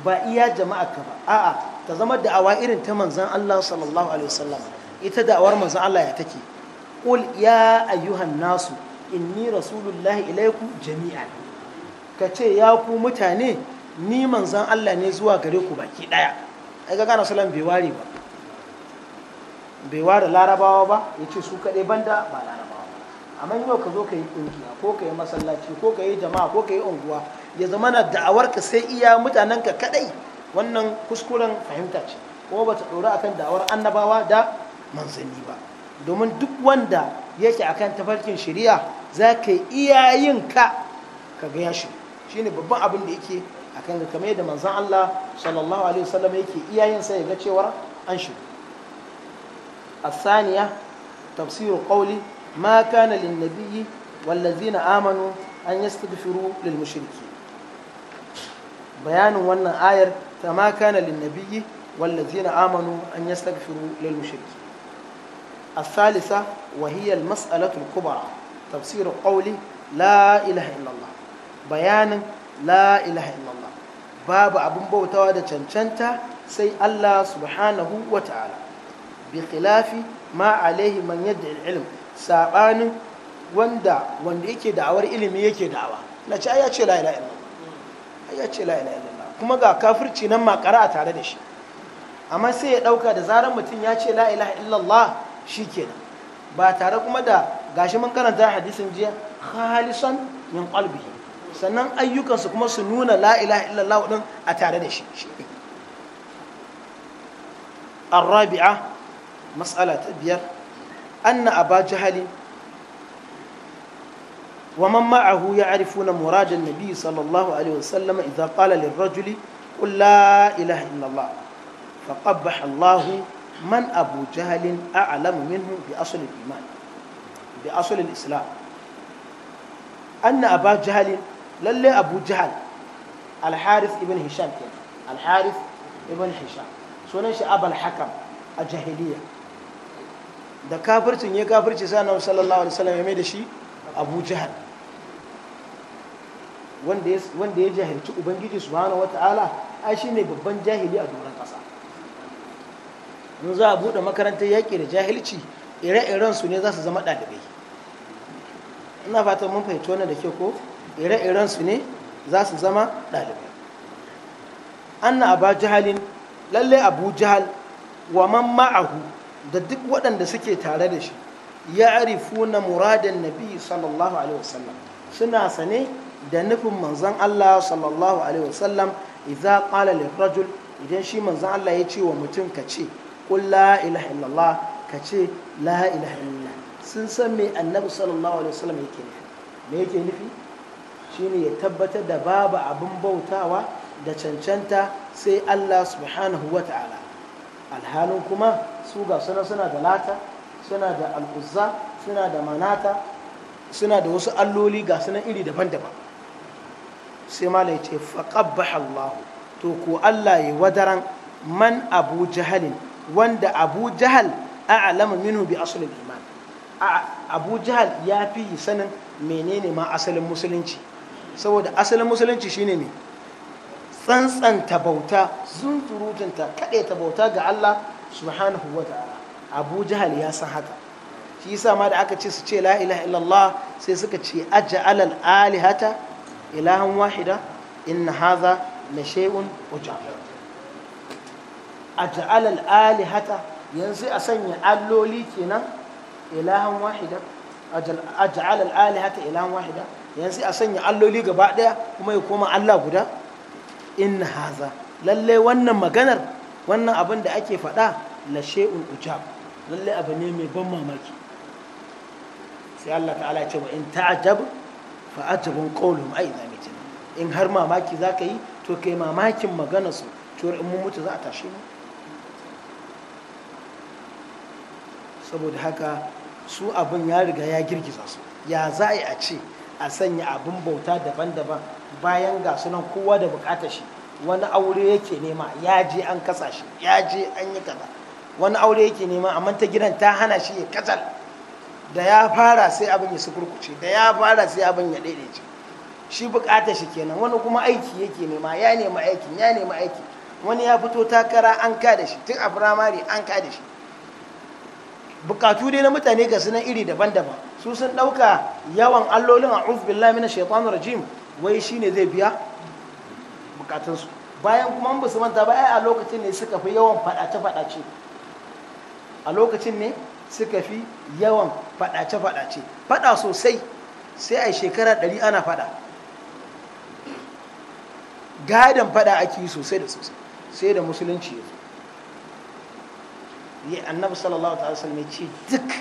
ba iya jama'arka ba a'a ta zama da'awa irin ta manzan Allah sallallahu alaihi wasallam ita da'awar manzan Allah ya take qul ya ayyuhan nasu inni rasulullahi ilaikum jami'an ka ce ya ku mutane ni manzan Allah ne zuwa gare ku baki ɗaya ai ga gane salam bai ware ba bai ware larabawa ba ya ce su kaɗai banda ba larabawa amma yau ka zo ka yi ƙungiya ko ka yi masallaci ko ka yi jama'a ko ka yi unguwa ya zama na da'awar ka sai iya mutanen ka kaɗai wannan kuskuren fahimta ce kuma ba ta ɗora akan da'awar annabawa da manzanni ba domin duk wanda yake akan tafarkin shari'a za ka iya yin ka ka ga ya shi shine babban abin da yake akan ga kamar yadda manzan Allah sallallahu alaihi wasallam yake iya yin sai ga cewar an A Saniya tafsir qawli ma kana lin nabiyyi wal ladzina amanu an yastaghfiru lil mushriki bayanin wannan ayar ta ma kana lin nabiyyi wal ladzina amanu an yastaghfiru lil mushriki الثالثة وهي المسألة الكبرى تفسير قولي لا إله إلا الله بيان لا إله إلا الله babu abin bautawa da cancanta sai Allah subhanahu wa ta'ala bi khilafi ma alaihi man yadda ilm sabanin wanda wanda yake da'awar ilimi yake da'awa na ce ya ce la'ila ce la'ila kuma ga kafirci nan makara a tare da shi amma sai ya ɗauka da zarar mutum ya ce la ilaha illallah shikenan ba tare kuma da gashi mun karanta hadisin jiya khalisan min qalbihi sannan ayyukansu kuma su nuna la’ilaha illallah ɗin a tare da shi A Rabi'a ta biyar anna a baji hali wa mamma a hu ya arifu na muradin nabi sallallahu alaihi wasallama idan ƙalalin rajuli kun la’ilaha illallah fa ƙabba allahu man abu jahalin a alamu minhu bi asulin iman bi asulin islam anna a baji lalle abu jihal alharis ibn hisham ke alharis ibn hisham sunan shi abal hakam a jahiliya da kafircin ya kafirci sa sallallahu alaihi wasallam ya mai da shi abu jihal wanda ya jahilci ubangiji subhanahu wataala ai shine babban jahili a doron ƙasa. mun za a buɗe makarantar yaƙi da jahilci ire-iren su ne za su zama ɗalibai ina fatan mun fahimci wannan da ke ko ire-iren ne za su zama ɗalibai anna aba jahalin lalle abu jahal wa man ma'ahu da duk waɗanda suke tare da shi ya arifu na muradin nabi sallallahu alaihi wasallam suna sane da nufin manzan Allah sallallahu alaihi wasallam idza qala lirrajul idan shi manzan Allah ya ce wa mutum ka ce kun la ilaha illallah ka ce la ilaha illallah sun san me annabi sallallahu alaihi wasallam yake nufi me yake nufi shine ya tabbatar da babu abin bautawa da cancanta sai Allah subhanahu wa ta'ala alhalin kuma su ga suna suna da lata suna da al'uzza suna da manata suna da wasu alloli ga suna iri daban-daban sai mala ya ce faƙabbaha to ko Allah ya wadaran man abu jahalin wanda abu jahal a'lama minhu bi asalin iman abu jahal ya fi sanin menene ma asalin musulunci saboda asalin musulunci shine ne tsantsanta bauta sun zunzurutunta ta bauta ga Allah subhanahu wa ta'ala abu jahal ya san haka shi yasa ma da aka ce su ce la ilaha illallah sai suka ce aj'al al alihata ilahan wahida inna hadha la shay'un ujab aj'al al alihata yanzu a sanya alloli kenan ilahan wahida aj'al al alihata ilahan wahida yanzu a sanya alloli gaba ɗaya kuma ya koma allah guda in haza lalle wannan maganar wannan abin da ake faɗa la shay'un ujab lalle abu ne mai ban mamaki sai allah ta'ala ce wa in ta'ajab fa ajabun qawluhum ay zamitin in har mamaki zaka yi to kai mamakin maganar su cewar in mun mutu za a tashi mu saboda haka su abin ya riga ya girgiza su ya za a ce a sanya abin bauta daban-daban bayan ga sunan kowa da bukata shi wani aure yake nema ya je an kasa shi ya je an yi kaza wani aure yake nema amma ta gidan ta hana shi ya katsal da ya fara sai abin ya sukurkuce da ya fara sai abin ya daidaice shi bukata shi kenan wani kuma aiki yake nema ya nema aikin ya nema aiki wani ya fito takara an ka da shi tun a firamare an ka da shi bukatu dai na mutane ga sunan iri daban-daban su sun ɗauka yawan allolin a uf billahi mina shaitanir rajim wai shi ne zai biya bukatunsu bayan kuma ba su manta ba a lokacin ne suka fi yawan faɗace-faɗace a lokacin ne suka fi yawan faɗace-faɗace faɗa sosai sai a shekara ɗari ana faɗa gadon faɗa ake yi sosai da sosai sai da musulunci ya zo yi annabi sallallahu ta'ala ya ce duk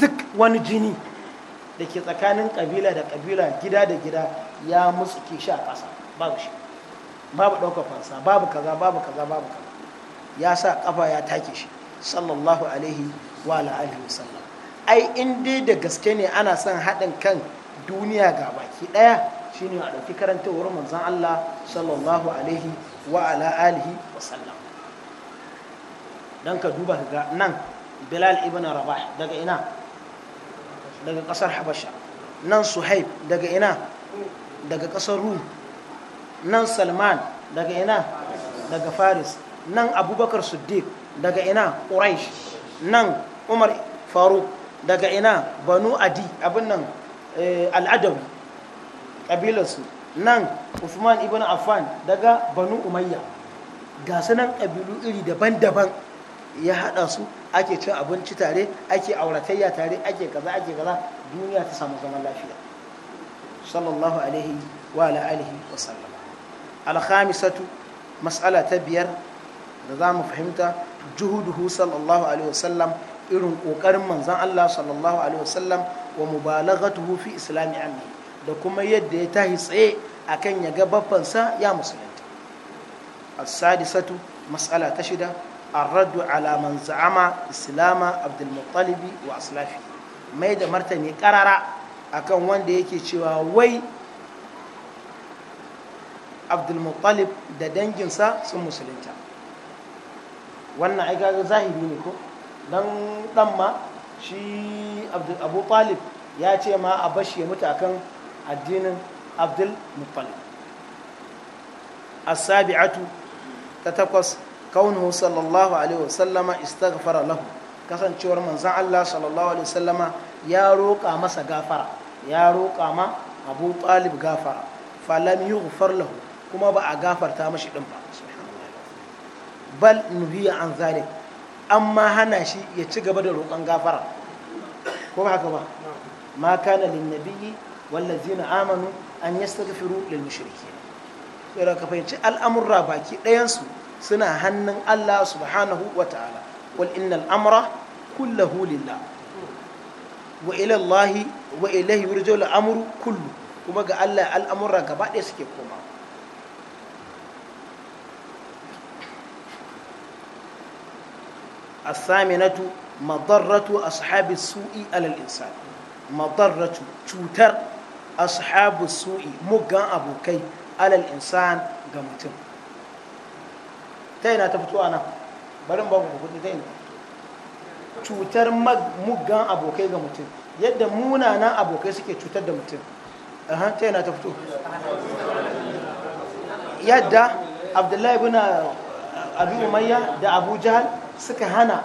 duk wani jini da ke tsakanin kabila da kabila gida da gida ya musu ke a kasa babu shi babu ɗaukar fansa babu kaza babu kaza babu kaza ya sa kafa ya take shi sallallahu alaihi wa alihi wasallam ai in dai da gaske ne ana son haɗin kan duniya ga baki ɗaya shine a ɗauki karantawar manzan Allah sallallahu alaihi wa ala alihi wasallam don ka duba ga nan bilal ibn rabah daga ina daga kasar habasha nan suhaib daga ina daga kasar rum nan salman daga ina daga faris nan abubakar siddiq daga ina quraish nan umar faruk daga ina banu adi abin nan eh, al'adawi ƙabilarsu nan usman ibn affan daga banu umayya ga su nan ƙabilu iri daban-daban ya haɗa su ake cin abinci tare ake auratayya tare ake kaza ake kaza duniya ta samu zaman lafiya sallallahu alaihi wa ala alihi wa sallam alkhamisatu mas'ala ta biyar da za mu fahimta juhuduhu sallallahu alaihi wa sallam irin ƙoƙarin manzan Allah sallallahu alaihi wa sallam wa mubalaghatuhu fi islami ammi da kuma yadda ya tahi tsaye akan ya ga babbansa ya musulunta as-sadisatu mas'ala ta shida الرد على من زعم إسلام عبد المطلب mai da martani مرتني قرر wanda وند يكي cewa wai Abdulmuttalib da danginsa sun musulunta wannan ai ga zahiri ne ko dan dan ma shi Abdul Abu Talib ya ce ma a bashi ya mutu akan addinin Abdul Muttalib as-sabi'atu ta takwas kaunuhu sallallahu alaihi wasallama istaghfara lahu kasancewar manzon Allah sallallahu alaihi wasallama ya roƙa masa gafara ya roƙa ma Abu Talib gafara falam yughfar lahu kuma ba a gafarta mashi din ba bal nuhiya an zalik amma hana shi ya ci gaba da roƙon gafara ko ba haka ba ma kana lin nabiyyi wallazina amanu an yastaghfiru lil mushrikeen sai ka fahimci al'amurra baki ɗayansu. suna hannun Allah subhanahu wa ta’ala wal innal amra kullahu lillah wa ilallahi wa ilahi wurjo al’amuru kullu kuma ga Allah al’amura gaba ɗaya suke koma asaminatu madarratu ashabi su'i alal insani madarratu cutar ashabi su'i muggan abokai alal insani ga mutum ta yana ta fito a nan barin babu kudi ta yana cutar muggan abokai ga mutum yadda munanan abokai suke cutar da mutum ta yana ta fito yadda abdullahi bin abu umayya da abu jihar suka hana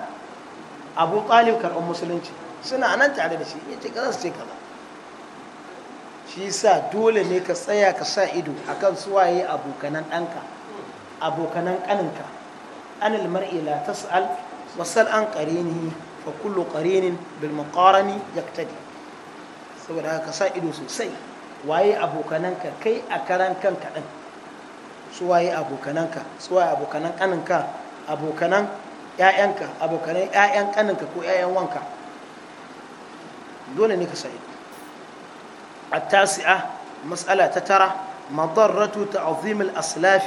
abu talib karɓar musulunci suna nan tare da shi ya ce kaza su ce kaza shi sa dole ne ka tsaya ka sa ido akan suwaye abokanan ɗanka abokanan kaninka anil mar'i la tas'al wasal an qarinihi fa kullu qarinin bil muqarani yaktadi saboda haka sa ido sosai waye abokananka kai a karan kanka din su waye abokananka su waye abokanan kaninka abokanan ƴaƴanka abokanan ƴaƴan kaninka ko ƴaƴan wanka dole ne ka sa ido التاسعة مسألة تترى مضرة تعظيم الأسلاف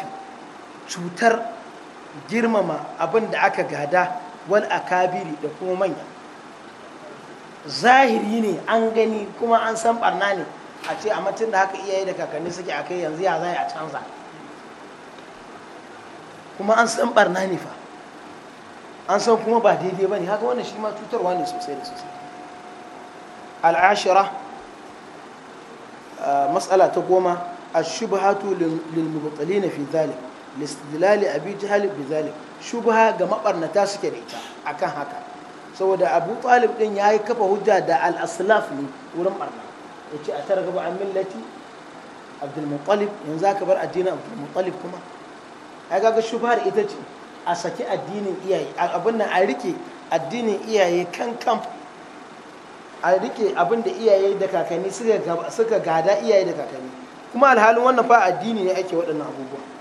cutar girmama abin da aka gada wal akabiri da kuma manya zahiri ne an gani kuma an san barna ne a ce a matin da haka iyaye da kakanni suke a kai yanzu ya zai a canza kuma an san barna ne fa an san kuma ba daidai ba ne haka wannan shi ma cutarwa ne sosai da sosai al'ashira matsala ta goma a shubhatu lil mubtalina fi zalik listilali abi jihali bi zalik shubha ga mabarnata suke da ita akan haka saboda abu talib din ya yi kafa hujja da al aslaf ne wurin barna ce a tara gaba an millati abdul muttalib yanzu aka bar addinin abdul muttalib kuma ai ga shubhar ita ce a saki addinin iyaye abin nan a rike addinin iyaye kan kan a rike abin da iyaye da kakanni suka gada iyaye da kakanni kuma alhalin wannan fa addini ne ake waɗannan abubuwa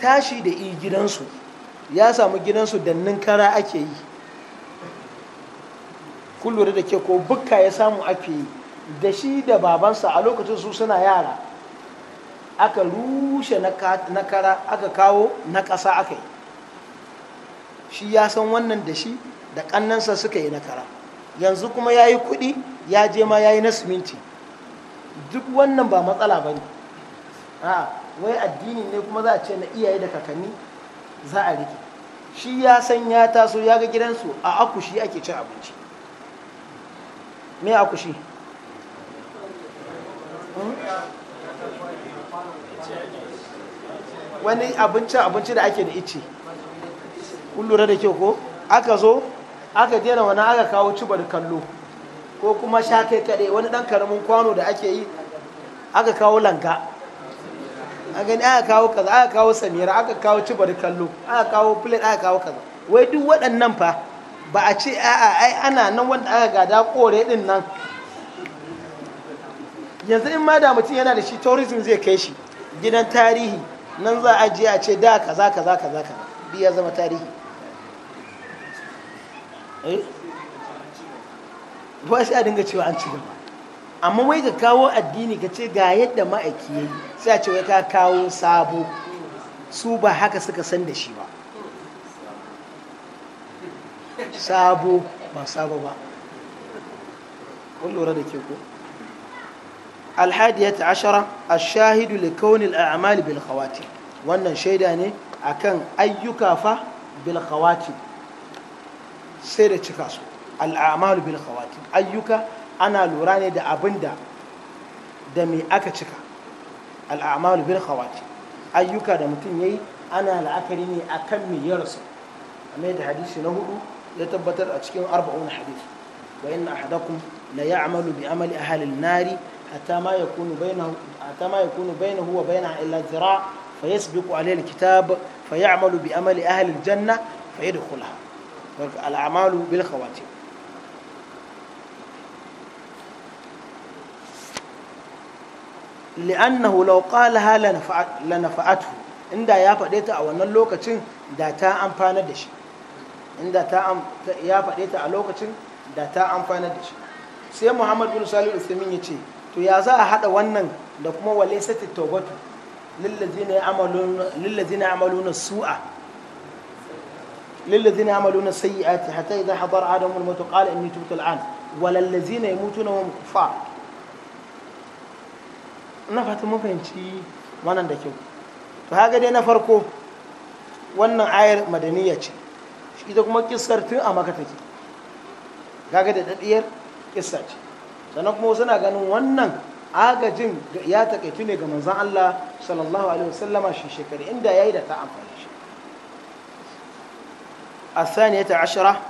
tashi da i gidansu ya samu gidansu da ninkara ake yi kullum da ke ko bukka ya samu ake yi da shi da babansa a lokacin su suna yara aka rushe na kara aka kawo na ƙasa aka yi shi ya san wannan da shi da ƙannansa suka yi na kara yanzu kuma ya yi kuɗi ya je ma ya yi na siminti duk wannan ba matsala ba ne wai addini ne kuma za a ce na iyaye da kakanni za a rike shi ya san ya taso ya ga gidansu a akushi ake cin abinci me akushi hmm? wani abinci abinci da ake da ice kun lura da kyau ko aka zo aka jera wani aka kawo cibar kallo ko kuma sha kai kade wani ɗan karamin kwano da ake yi aka kawo langa a gani aka kawo kaza aka kawo samira aka kawo cibar kallo aka kawo plate aka kawo kaza wai duk waɗannan fa ba a ce a'a ai ana nan wanda aka gada kore din nan yanzu in ma da mutum yana da shi tourism zai kai shi gidan tarihi nan za a je a ce da kaza kaza kaza kaza bi ya zama tarihi eh? ba sai a dinga cewa an ci gaba amma wai ka kawo addini ka ce ga yadda ma'aiki ya yi sai a ce wai ka kawo sabo su ba haka suka san da shi ba sabo ba sabo ba lura da ke ko ashara a shahidu likaunin al'amali bil wannan shaida ne akan ayyuka fa bil sai da cika su al'amalu ayyuka ana lura ne da abin da da me aka cika al'amalu bil khawati ayyuka da mutum ya yi ana la'akari ne akan me ya rasu amma da hadisi na hudu ya tabbatar a cikin arba'un hadisi wa inna ahadakum la ya'malu bi amali ahli an-nari ma illa zira' li'annahu law qalaha lanafa'athu inda ya faɗe a wannan lokacin da ta amfana da shi inda ta da ta da shi sai Muhammad bin Salih ya ce to ya za a haɗa wannan da kuma walaysati tawbatu lillazina ya'maluna lillazina ya'maluna su'a للذين يعملون السيئات حتى إذا حضر أحدهم الموت قال إني تبت الآن وللذين يموتون وهم كفار na fata mun fahimci wannan da kyau to haka dai na farko wannan ayar madaniya ce ita kuma kissar tun a maka take kaga da dadiyar kissa ce sannan kuma suna ganin wannan agajin ya takaitu ne ga manzan Allah sallallahu alaihi wasallama shi shekari inda yayi da ta amfani shi ashira عشرة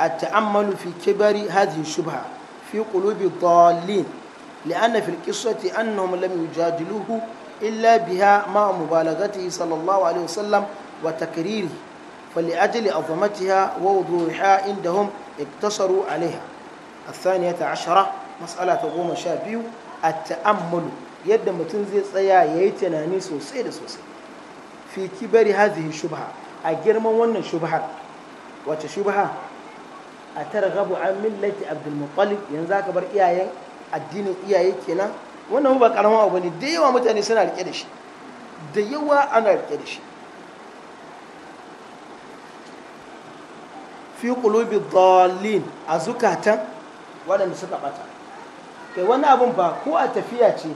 التأمل fi كبر hajji shubha fi قلوب الضالين لأن في القصة أنهم لم يجادلوه إلا بها مع مبالغته صلى الله عليه وسلم وتكريره فلأجل عظمتها ووضوحها عندهم اقتصروا عليها الثانية عشرة مسألة تقوم شابيو التأمل يد متنزي سيا يتناني سوسي سوسي في كبر هذه الشبهة أجرم ون الشبهة وتشبهة أترغب عن ملة عبد المطلب ينزاك بر إياه addinin iyaye kenan wannan ba karamin abu ne da yawa mutane suna rike da shi da yawa ana rike da shi fi kulubi dalin a zukatan waɗanda suka bata kai wani abin ba ko a tafiya ce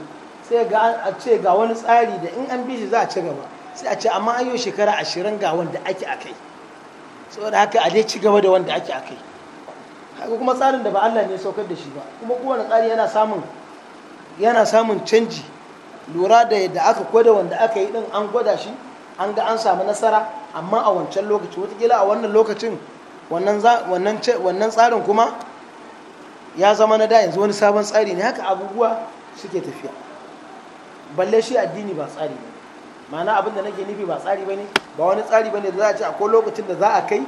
sai ga a ce ga wani tsari da in an bi shi za a ci gaba sai a ce amma an yi shekara ashirin ga wanda ake a kai saboda haka a dai ci gaba da wanda ake a kai haka kuma tsarin da ba Allah ne saukar da shi ba kuma kowane tsari yana samun yana samun canji lura da yadda aka gwada wanda aka yi din an gwada shi an ga an samu nasara amma a wancan lokaci watakila a wannan lokacin wannan tsarin kuma ya zama na da yanzu wani sabon tsari ne haka abubuwa suke tafiya balle shi addini ba tsari ne ma'ana abin da nake nufi ba tsari bane ba wani tsari bane da za a ce akwai lokacin da za a kai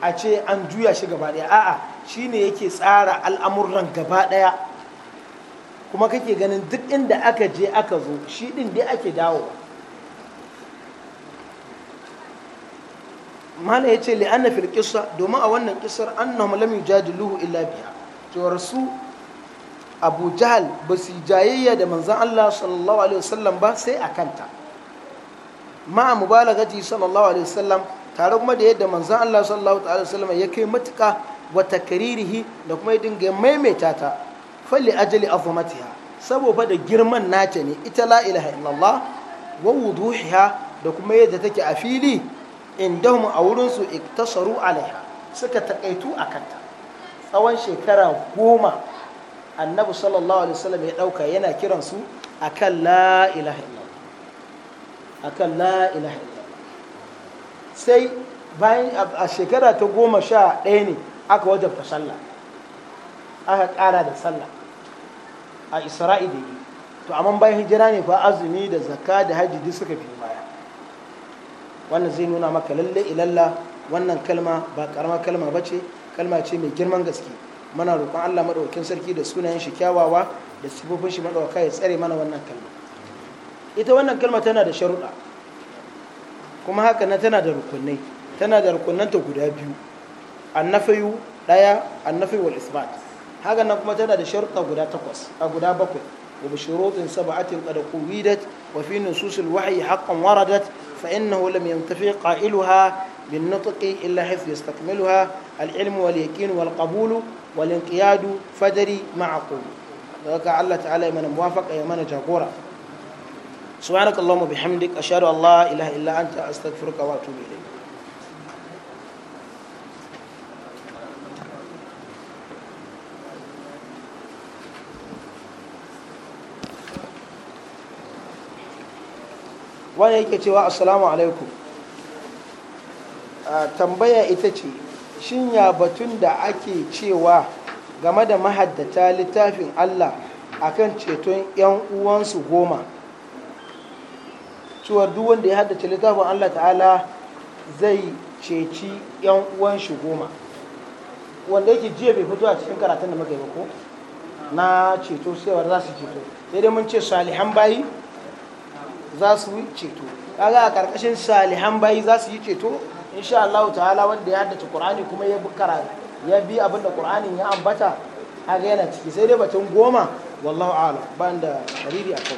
a ce an juya shi gaba ɗaya a'a Shi ne yake tsara al'amuran gaba ɗaya kuma kake ganin duk inda aka je aka zo shi ɗin dai ake dawo. mana ya ce li'anna fil qissa domin a wannan kisar an na lam yujadiluhu illa biya. cewar su Abu Jahal ba su jayayya da manzan Allah sallallahu alaihi wasallam ba sai a kanta ma mubalagati sallallahu alaihi wasallam tare kuma da yadda manzan Allah sallallahu alaihi wasallam ya kai matuka wa takririhi da kuma dinga maimaita ta falli ajali azamatiha saboda da girman nata ne ita la ilaha illallah wa wuduhiha da kuma yadda take a fili indahum a wurin su iktasaru alaiha suka takaitu a kanta tsawon shekara goma annabi sallallahu alaihi wasallam ya ɗauka yana kiransu su akan la ilaha illallah akan la illallah sai bayan a shekara ta goma sha ɗaya ne aka wajabta sallah aka ƙara da sallah a isra'i da yi to amma bayan hijira ne fa azumi da zakka da hajji duk suka fi baya wannan zai nuna maka lalle ilalla wannan kalma ba karama kalma ba ce kalma ce mai girman gaske mana roƙon Allah maɗaukakin sarki da sunayen shi kyawawa da sifofin shi maɗauka ya tsare mana wannan kalma ita wannan kalma tana da sharuɗa kuma haka na tana da rukunai tana da rukunanta guda biyu annafiyu daya annafiyu wal isbat haka nan kuma tana da sharuɗa guda takwas a guda bakwai wa bi shurutin sab'atin qad quwidat wa fi nususil wahyi haqqan waradat fa innahu lam yantafi qailuha bin nutqi illa haythu yastakmiluha al ilmu wal yaqin wal qabulu wal inqiyadu fadri ma'qul daga Allah ta'ala mana muwafaqa ya mana jagora subhanakallahumma bihamdik ashhadu an la ilaha illa anta astaghfiruka wa atubu ilayk wani yake cewa assalamu alaikum tambaya ita ce shin ya batun da ake cewa game da mahaddata littafin allah akan ceton 'yan uwansu goma cewa duk wanda ya haddace littafin allah ta'ala zai ceci 'yan uwan shi goma wanda yake jiya bai fito a cikin karatun da muka yi na ceto sai za su ceto sai dai mun ce salihan bayi za su yi ceto kaga a karkashin salihan bayi za su yi ceto insha Allah ta'ala wanda ya haddace Qur'ani kuma ya bi ya bi abinda Qur'ani ya ambata a yana ciki sai dai batun goma wallahu a'lam da hariri a kai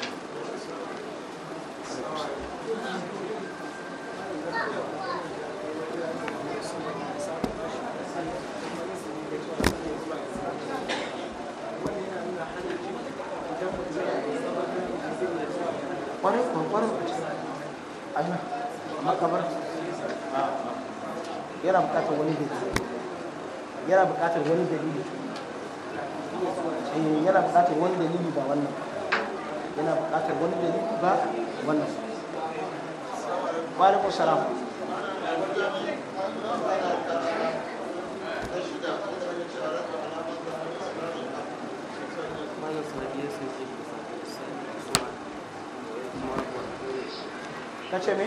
buƙatar wani dalili yana buƙatar wani dalili eh yana buƙatar wani dalili ba wannan yana buƙatar wani dalili ba wannan wa alaikum salam Kace me?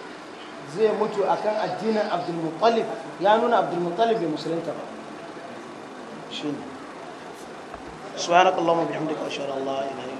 zai mutu akan addinin abdulmuttalib ya nuna abdulmuttalib bai musulunta ba shi ne